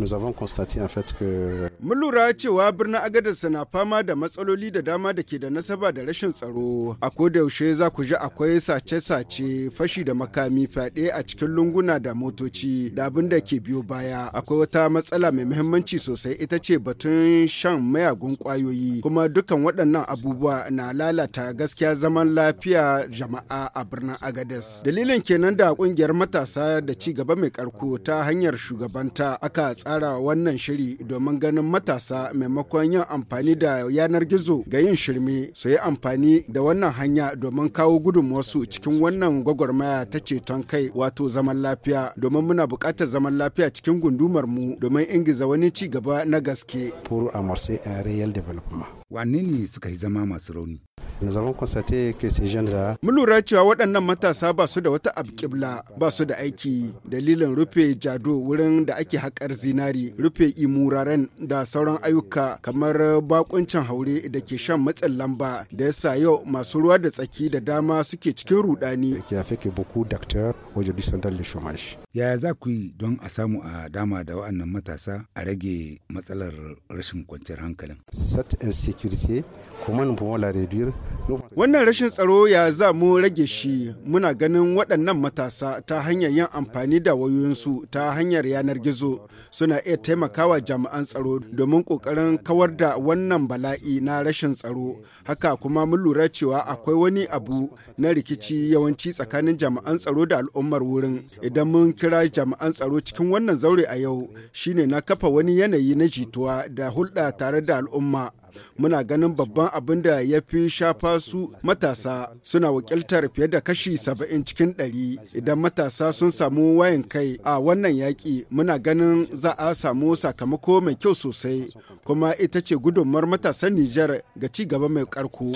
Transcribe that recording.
nous avons constaté en fait que mun lura cewa birnin agadarsa na fama da matsaloli da dama da ke da nasaba da rashin tsaro a da yaushe za ku ji akwai sace-sace fashi da makami fyaɗe a cikin lunguna da motoci da abin da ke biyo baya akwai wata matsala mai muhimmanci sosai ita ce batun shan mayagun kwayoyi kuma dukkan waɗannan abubuwa na lalata gaskiya zaman lafiya jama'a a birnin agadas dalilin kenan da ƙungiyar matasa da ci gaba mai karko ta hanyar shugabanta aka tsara wannan shiri domin ganin matasa maimakon yin amfani da yanar gizo ga yin shirme su yi amfani da wannan hanya domin kawo gudunmuwarsu cikin wannan gwagwarmaya ta ceton kai wato zaman lafiya domin muna buƙatar zaman lafiya cikin gundumar mu domin ingiza wani ci gaba na gaske. Wane ne suka yi zama masu rauni? Nous avons constaté que ces jeunes-là. Mun lura cewa waɗannan matasa ba su da wata abkibla, ba su da aiki, dalilin rufe jado wurin da ake haƙar zinari, rufe imuraren da sauran ayyuka kamar bakuncin haure da ke shan matsin lamba da yasa yau masu ruwa da tsaki da dama suke cikin rudani. Yaya za ku yi don a samu a dama da waɗannan matasa a rage matsalar rashin kwanciyar hankalin? Cette insécurité, comment nous pouvons la réduire Wannan rashin tsaro ya za mu rage shi muna ganin waɗannan matasa ta hanyar yin amfani da wayoyinsu ta hanyar yanar gizo suna iya taimakawa jami'an tsaro domin ƙoƙarin kawar da wannan bala'i na rashin tsaro. Haka kuma mun lura cewa akwai wani abu na rikici yawanci tsakanin jami'an tsaro da al'ummar wurin. Idan mun kira jami'an tsaro cikin wannan zaure a yau shine na kafa wani yanayi na jituwa da hulɗa tare da al'umma. muna ganin babban abin da ya fi shafa su matasa suna wakiltar fiye da kashi saba'in cikin ɗari idan matasa sun samu wayan kai a wannan yaƙi muna ganin za a samu sakamako mai kyau sosai kuma ita ce gudunmar matasan Nijar ga ci gaba mai ƙarko.